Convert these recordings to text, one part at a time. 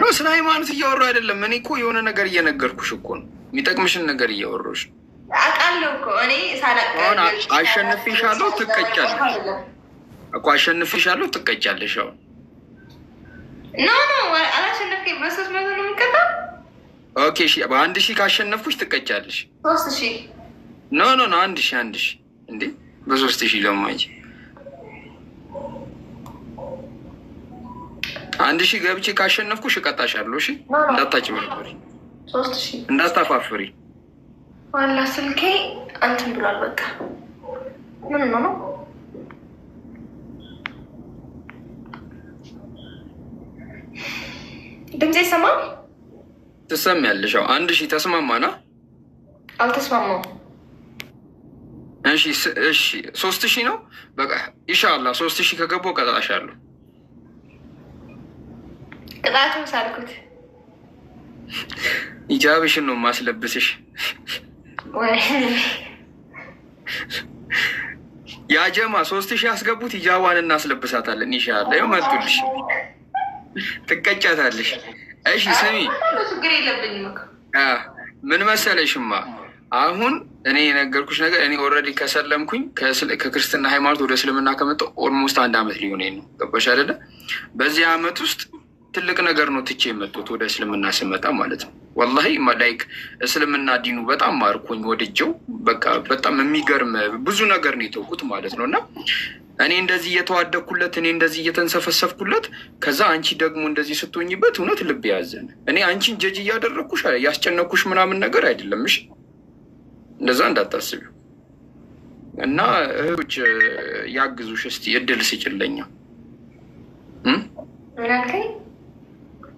ነው ስለ ሃይማኖት እያወሩ አይደለም። እኔ እኮ የሆነ ነገር እየነገርኩሽ እኮ ነው፣ የሚጠቅምሽን ነገር እያወራሁሽ ነው። አሸንፌሻለሁ፣ ትቀጫለሽ እኮ አሸንፌሻለሁ፣ ትቀጫለሽ። አሁን ኦኬ፣ እሺ፣ በአንድ ሺህ ካሸነፍኩሽ ትቀጫለሽ። ኖ ኖ ኖ፣ አንድ ሺህ አንድ ሺህ እንዴ፣ በሶስት ሺህ ለማይ አንድ ሺህ ገብቼ ካሸነፍኩሽ እቀጣሻለሁ። እሺ እንዳታጭበረብሪ፣ እንዳታፋፍሪ። ዋላ ስልኬ እንትን ብሏል። በቃ ምን ነው ነው ድምፅ ይሰማ ትሰሚያለሽ? ያው አንድ ሺህ ተስማማና አልተስማማም። እሺ እሺ፣ ሶስት ሺህ ነው በቃ። ኢንሻላህ ሶስት ሺህ ከገባው እቀጣሻለሁ። ቅጣቱም ሳልኩት ኢጃብሽን ነው ማስለብስሽ። ያጀማ ሶስት ሺህ ያስገቡት ኢጃዋን እናስለብሳታለን። ይሻለ መጡልሽ፣ ትቀጫታለሽ። እሺ ስሚ፣ ምን መሰለሽማ አሁን እኔ የነገርኩሽ ነገር እኔ ኦልሬዲ ከሰለምኩኝ ከክርስትና ሃይማኖት ወደ እስልምና ከመጣሁ ኦልሞስት አንድ አመት ሊሆን ነው። ገባሽ አይደለ? በዚህ አመት ውስጥ ትልቅ ነገር ነው ትቼ የመጡት ወደ እስልምና ስመጣ ማለት ነው። ወላሂ መላይክ እስልምና ዲኑ በጣም ማርኮኝ ወድጀው በቃ በጣም የሚገርም ብዙ ነገር ነው የተውኩት ማለት ነው። እና እኔ እንደዚህ እየተዋደኩለት፣ እኔ እንደዚህ እየተንሰፈሰፍኩለት፣ ከዛ አንቺ ደግሞ እንደዚህ ስትሆኝበት እውነት ልብ ያዘን። እኔ አንቺን ጀጅ እያደረግኩሽ ያስጨነኩሽ ምናምን ነገር አይደለም። እሺ እንደዛ እንዳታስቢው እና እህቶች ያግዙሽ እስቲ እድል ስጭለኛ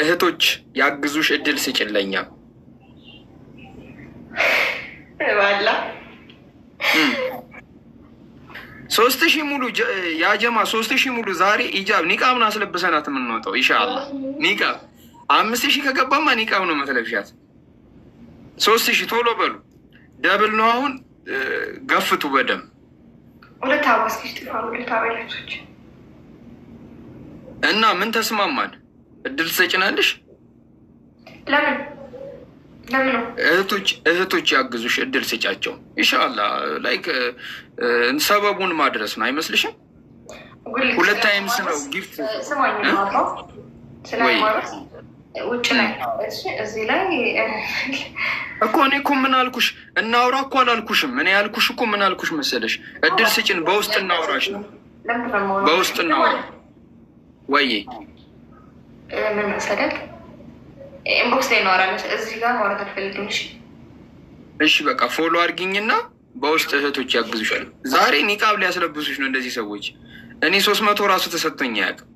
እህቶች ያግዙሽ እድል ስጭለኛ ባላ ሶስት ሺህ ሙሉ ያጀማ ሶስት ሺህ ሙሉ ዛሬ ኢጃብ ኒቃብ ነው አስለብሰናት የምንወጣው ኢንሻአላህ። ኒቃብ አምስት ሺህ ከገባማ ኒቃብ ነው መተለብሻት። ሶስት ሺህ ቶሎ በሉ ደብል ነው አሁን ገፍቱ በደም እና ምን ተስማማል? እድል ትሰጭናለሽ? ለምን እህቶች እህቶች ያግዙሽ፣ እድል ስጫቸው። ኢንሻላ ላይክ ሰበቡን ማድረስ ነው አይመስልሽም? ሁለት ታይምስ ነው ጊፍት ውጭ ላይ እዚህ ላይ እኮ እኔ እኮ ምን አልኩሽ? እናውራ እኮ አላልኩሽም። እኔ ያልኩሽ እኮ ምን አልኩሽ መሰለሽ? እድል ስጭን፣ በውስጥ እናውራሽ ነው በውስጥ እናውራ ወይ ምን መሰለህ ኢንቦክስ ላይ እናወራለን። እዚህ ጋር ማውራት አልፈልግም። እሺ እሺ፣ በቃ ፎሎ አድርጊኝና በውስጥ እህቶች ያግዙሻል። ዛሬ ኒቃብ ሊያስለብሱሽ ነው እንደዚህ ሰዎች። እኔ ሶስት መቶ ራሱ ተሰጥቶኝ አያውቅም።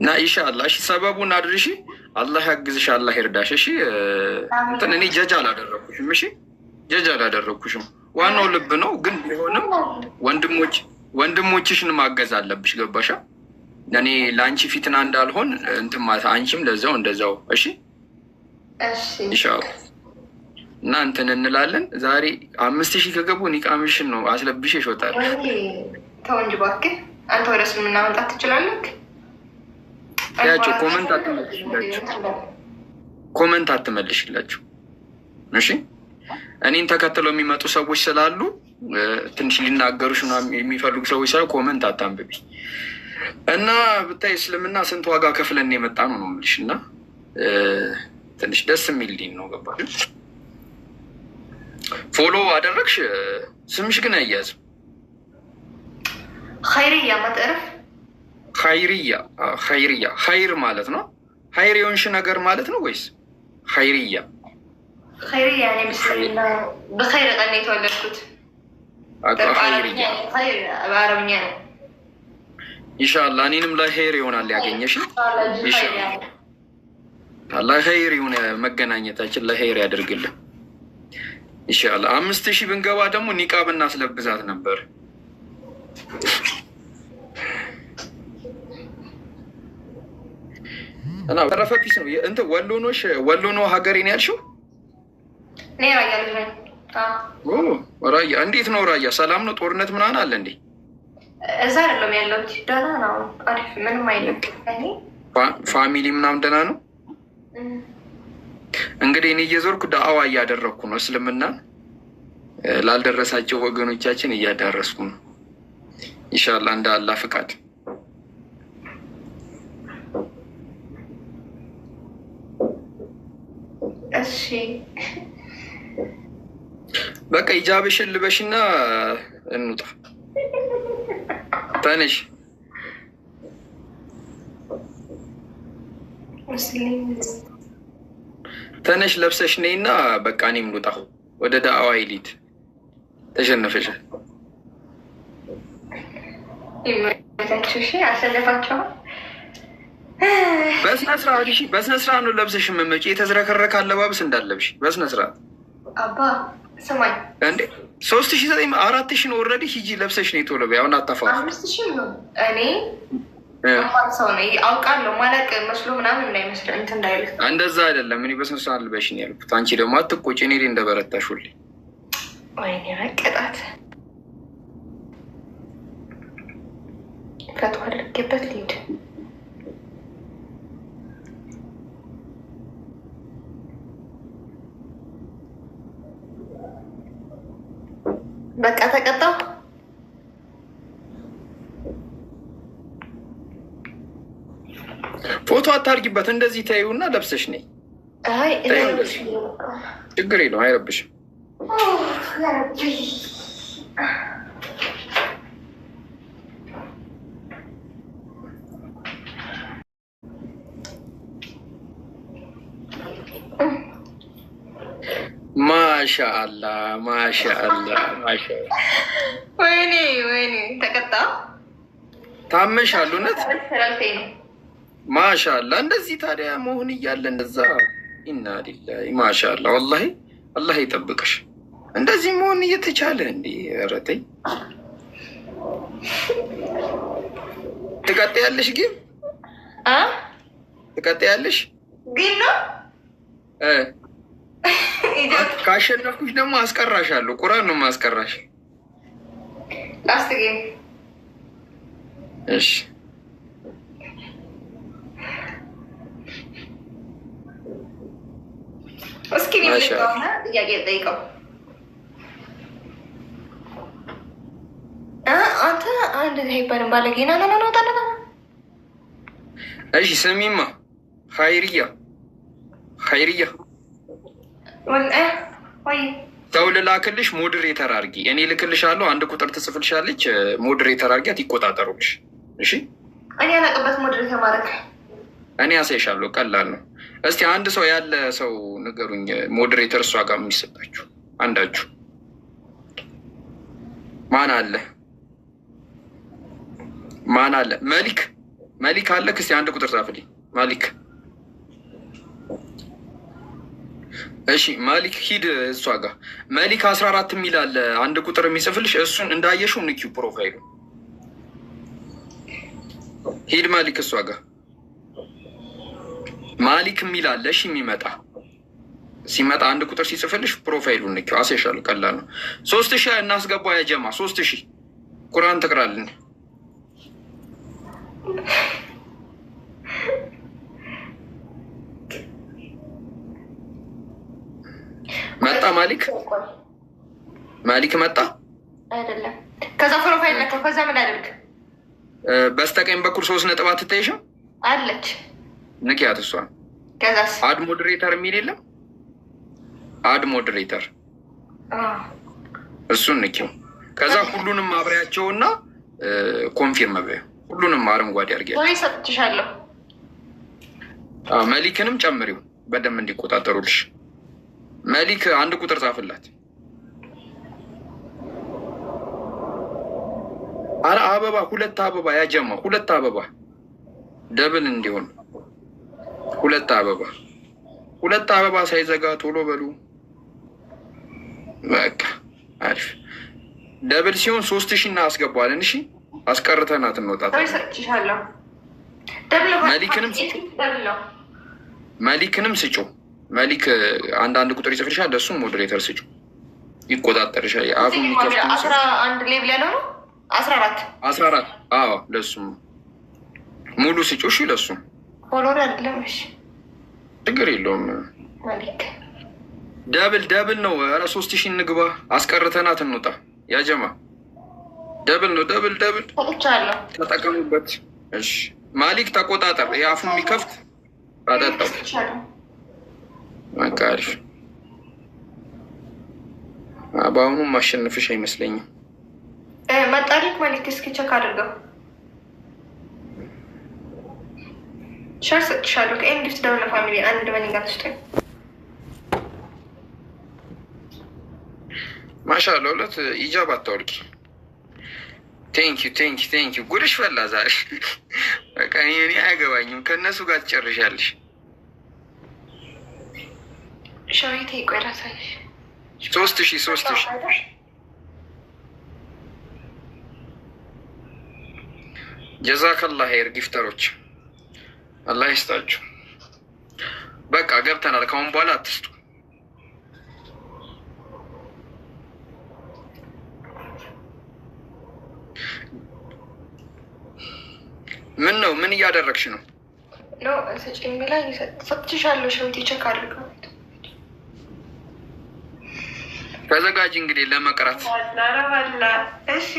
እና ኢንሻአላ እሺ፣ ሰበቡን አድርሺ። አላህ ያግዝሽ፣ አላህ ይርዳሽ። እሺ እንትን እኔ ጀጃ አላደረግኩሽም። እሺ ጀጃ አላደረግኩሽም። ዋናው ልብ ነው ግን ቢሆንም ወንድሞች ወንድሞችሽን ማገዝ አለብሽ። ገባሻ? እኔ ለአንቺ ፊትና እንዳልሆን እንትን ማለት አንቺም ለዛው እንደዛው። እሺ ይሻላል። እና እንትን እንላለን። ዛሬ አምስት ሺህ ከገቡ ኒቃምሽን ነው አስለብሽ ይሾጣል። ተው እንጂ እባክህ አንተ ወደ ስምና መምጣት ትችላለህ። ያቸው ኮመንት አትመልሽላቸው፣ ኮመንት አትመልሽላቸው። እሺ እኔን ተከትለው የሚመጡ ሰዎች ስላሉ ትንሽ ሊናገሩሽ የሚፈልጉ ሰዎች ሳይ ኮመንት አታንብቢ እና ብታይ እስልምና ስንት ዋጋ ከፍለን የመጣ ነው ነው የምልሽ። እና ትንሽ ደስ የሚል ዲን ነው ገባ። ፎሎ አደረግሽ፣ ስምሽ ግን አያያዝም። ኸይርያ መጥረፍ ኸይርያ ኸይርያ ኸይር ማለት ነው። ኸይር የሆንሽ ነገር ማለት ነው ወይስ ኸይርያ ኸይርያ? ብኸይር ቀን የተወለድኩት በአረብኛ ነው። ኢንሻላህ እኔንም ለኸይር ይሆናል ያገኘሽ። ለኸይር የሆነ መገናኘታችን ለኸይር ያደርግልን አምስት ሺህ ብንገባ ደግሞ ኒቃብ እናስለብሳት ነበር። እና በተረፈ ፒስ ነው እንትን ነው ሀገሬ ነው ያልሽው ራያ እንዴት ነው? ራያ ሰላም ነው? ጦርነት ምናምን አለ እንዴ? እዛ አይደለም ያለሁት፣ ደህና ነው፣ አሪፍ ምንም አይልም። ፋሚሊ ምናምን ደህና ነው። እንግዲህ እኔ እየዞርኩ ዳአዋ እያደረግኩ ነው። እስልምና ላልደረሳቸው ወገኖቻችን እያዳረስኩ ነው። ኢንሻላህ እንደ አላህ ፍቃድ እሺ በቃ ሂጃብሽን ልበሽና እንውጣ። ተነሽ ተነሽ፣ ለብሰሽ ነይና በቃ እኔም ልውጣ ወደ ዳዕዋ ሂሊት ተሸነፈሽ። በስነ ስርዓት በስነ ነው ለብሰሽ መመጪ። የተዝረከረከ አለባበስ እንዳለብሽ በስነ ስርዓት እንዴ ሶስት ሺ ዘጠኝ አራት ሺን ኦልሬዲ ሂጂ ለብሰሽ ነው የተወለበ ያሁን አጠፋ አምስት ሺ ነው። እኔ ሰው ነው መስሎ ምናምን እንዳይመስል እንትን እንዳይል እንደዛ አይደለም። እኔ በስንት ሰዓት ልበሽ ነው ያልኩት። አንቺ ደግሞ አትቆጭ። እኔ እንደበረታሽ ሁሌ ወይኔ መቀጣት ከቷ አድርጌበት ልሂድ በቃ ተቀጣው። ፎቶ አታርጊበት፣ እንደዚህ እና ለብሰሽ ነይ። ችግር የለውም አይረብሽም። ማሻአላ ማሻአላ ማሻአላ። ወይኔ ወይኔ ተቀጣ ታመሻል። እውነት ማሻአላ። እንደዚህ ታዲያ መሆን እያለ እንደዛ ኢና ሊላሂ ማሻአላ። ወላሂ አላህ ይጠብቅሽ። እንደዚህ መሆን እየተቻለ እንዴ! ኧረ ተይ ትቀጥያለሽ ግን እ ትቀጥያለሽ ግን ነው ካሸነፍኩሽ ደግሞ አለሁ። ቁራን ነው ማስቀራሽ። እሺ እስኪ ጥያቄ ጠይቀው። አንተ አንድ አይባልም ባለጌና ና ና እሺ ስሚማ ሀይርያ ሀይርያ ሰው ልላክልሽ፣ ሞዴሬተር አድርጊ። እኔ ልክልሻለሁ። አንድ ቁጥር ትጽፍልሻለች፣ ሞዴሬተር አድርጊያት፣ ይቆጣጠሩልሽ። እሺ፣ እኔ አላቅበት ሞዴሬተር ማለት እኔ ያሳይሻለሁ። ቀላል ነው። እስቲ አንድ ሰው ያለ ሰው ንገሩኝ፣ ሞዴሬተር እሷ ጋር የሚሰጣችሁ አንዳችሁ ማን አለ? ማን አለ? መሊክ መሊክ አለ። እስቲ አንድ ቁጥር ጻፍልኝ መሊክ እሺ ማሊክ ሂድ እሷ ጋር መሊክ አስራ አራት የሚል አለ አንድ ቁጥር የሚጽፍልሽ እሱን እንዳየሽው ንኪው ፕሮፋይሉ ሂድ ማሊክ እሷ ጋር ማሊክ የሚል አለ እሺ የሚመጣ ሲመጣ አንድ ቁጥር ሲጽፍልሽ ፕሮፋይሉ ንኪው አሴሻል ቀላል ነው ሶስት ሺህ እናስገባ ያጀማ ሶስት ሺህ ቁርአን ትቅራልን ቆይ ማሊክ መጣ አይደለም? ከዛ ፕሮፋይል ነካው። ከዛ ምን አደርግ? በስተቀኝ በኩል ሶስት ነጥብ አትታይሽም አለች። ንኪያት እሷን። ከዛስ አድ ሞዴሬተር የሚል የለም? አድ ሞዴሬተር እሱን ንኪው። ከዛ ሁሉንም አብሬያቸውና ኮንፊርም በይው። ሁሉንም አረንጓዴ አድርጊያለሁ። ወይ ሰጥቼሻለሁ። መሊክንም ጨምሪው በደንብ እንዲቆጣጠሩልሽ መሊክ አንድ ቁጥር ጻፍላት። አረ አበባ ሁለት አበባ ያጀማ ሁለት አበባ ደብል እንዲሆን ሁለት አበባ ሁለት አበባ ሳይዘጋ ቶሎ በሉ። በቃ አሪፍ ደብል ሲሆን ሶስት ሺ እና አስገባለን። እሺ አስቀርተናት እንወጣታለን። መሊክንም መሊክንም መሊክ አንዳንድ ቁጥር ይጽፍልሻል። እሱም ሞዴሬተር ስጩ ይቆጣጠርሻል። አፉ አስራ አንድ ሌብል ያለው ነው አስራ አራት አስራ አራት አዎ፣ ለሱም ሙሉ ስጩ። እሺ፣ ለሱም ኮሎር አይደለም። እሺ፣ ችግር የለውም። ደብል ደብል ነው። ኧረ ሶስት ሺህ እንግባ። አስቀርተናት እንውጣ። ያጀማ ደብል ነው። ደብል ደብል ተጠቀሙበት። እሺ፣ ማሊክ ተቆጣጠር። የአፉ የሚከፍት አጠጣው በቃ አሪፍ። በአሁኑም ማሸነፍሽ አይመስለኝም። መጣሪክ መልዕክት እስኪ ቸክ አድርገው። ሸር ሰጥሻለሁ። ከኤም ጊፍት ደውል ፋሚሊ አንድ በኒጋ ስጠኝ። ማሻላ ሁለት ኢጃብ አታወርቂ። ቴንኪ ቴንኪ ቴንኪ። ጉድሽ ፈላ ዛሬ። በቃ እኔ አያገባኝም። ከእነሱ ጋር ትጨርሻለሽ። ሸዊት ቆይ ላሳይሽ። ሶስት ሺ ሶስት ሺ ጀዛከላ ሄር ጊፍተሮች አላህ ይስጣችሁ። በቃ ገብተናል። ከአሁን በኋላ አትስጡ። ምን ነው? ምን እያደረግሽ ነው? ኖ ሰጭ የሚላ ሰጥሻለሁ። ተዘጋጅ እንግዲህ ለመቅረት እሺ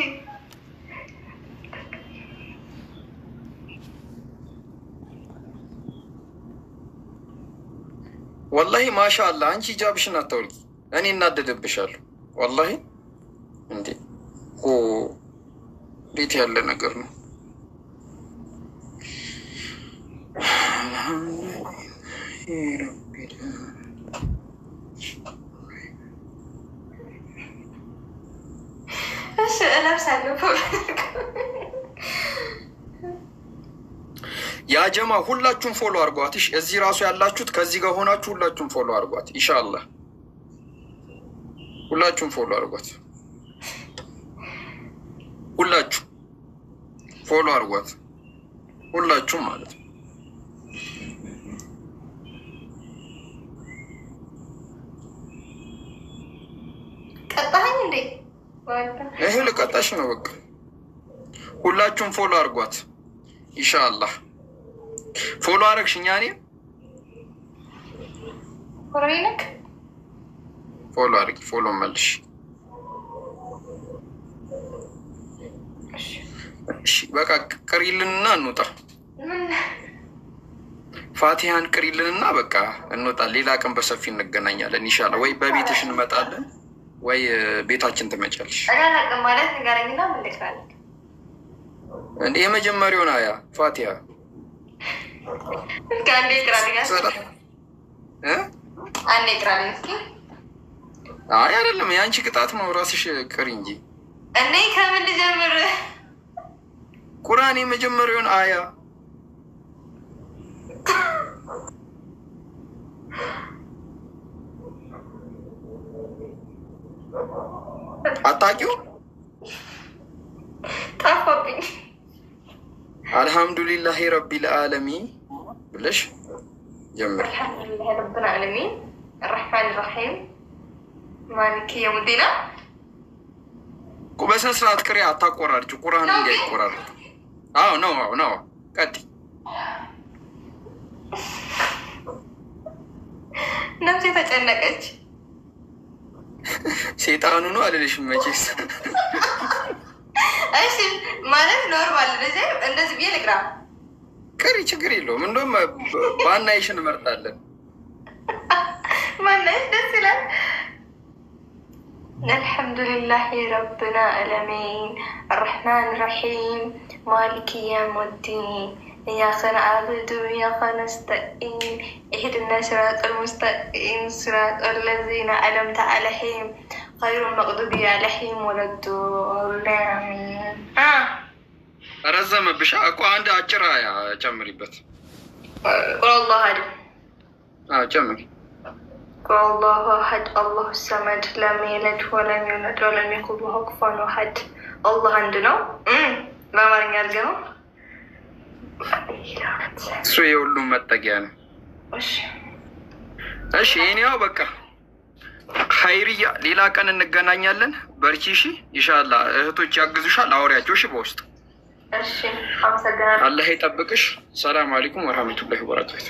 ወላሂ ማሻአላ አንቺ ሂጃብሽን አታውልቂ እኔ እናደደብሻለሁ ወላሂ እንዴ እንዴት ያለ ነገር ነው ደርሳለሁ። ያ ጀማ ሁላችሁም ፎሎ አድርጓት። እዚህ ራሱ ያላችሁት ከዚህ ጋር ሆናችሁ ሁላችሁም ፎሎ አርጓት ኢንሻላህ ሁላችሁም ፎሎ አርጓት። ሁላችሁ ፎሎ አርጓት ሁላችሁም ማለት ነው። እንዴ? ይሄ ልቀጣሽ ነው። በቃ ሁላችሁም ፎሎ አድርጓት። ኢንሻአላህ ፎሎ አረግሽኛ እኔ ፎሎ አድርጊ፣ ፎሎ መልሽ። በቃ ቅሪልንና እንውጣ። ፋቲሃን ቅሪልንና በቃ እንውጣ። ሌላ ቀን በሰፊ እንገናኛለን ኢንሻአላህ። ወይ በቤትሽ እንመጣለን ወይ ቤታችን ትመጫለሽ። ማለት ንገረኝና ምልካል የመጀመሪያውን አያ ፋቲያ አይ አይደለም፣ የአንቺ ቅጣት ነው። ራስሽ ቅሪ እንጂ እኔ ከምን ልጀምር? ቁርአን የመጀመሪያውን አያ አታውቂው? ጠፋብኝ። አልሐምዱሊላህ ረቢል ዓለሚን ብለሽ ጀምር። አልሐምዱሊላህ በስነ ስርዓት ቅሪ። አታቆራርጭ። ቁርአን እንዳይቆራርጥ። አዎ ነው፣ አዎ ነው። ቀጥ ነፍሴ ተጨነቀች። ሴጣኑ ነው አልልሽም መቼስ። እሺ ማለት ኖርማል ልጅ እንደዚህ ብዬ ልቅራ ቅሪ፣ ችግር የለውም። እንደውም ባናይሽ እንመርጣለን። ማናይሽ ደስ ይላል። አልሐምዱሊላህ ረብና አለሚን አርሕማን ራሒም ማሊክ ያውሚዲን يا إياك نعبد وإياك نستعين اهدنا صراط المستقيم صراط الذين ألمت غير خير المغضوب عليهم ولا الضالين آه. رزم بشا اكو عند اجرا يا جمري بس قل الله احد اه جمري قل الله احد الله الصمد لم يلد ولم يلد ولم يكن له كفوا احد الله عندنا ما مرني ارجمه እሱ የሁሉም መጠጊያ ነው። እሺ እኔው በቃ ሀይርያ ሌላ ቀን እንገናኛለን። በርቺ ሺ ይሻላ። እህቶች ያግዙሻል፣ አውሪያቸው ሺ በውስጥ አላህ ይጠብቅሽ። ሰላም አለይኩም ወራህመቱላሂ ወበረካቱ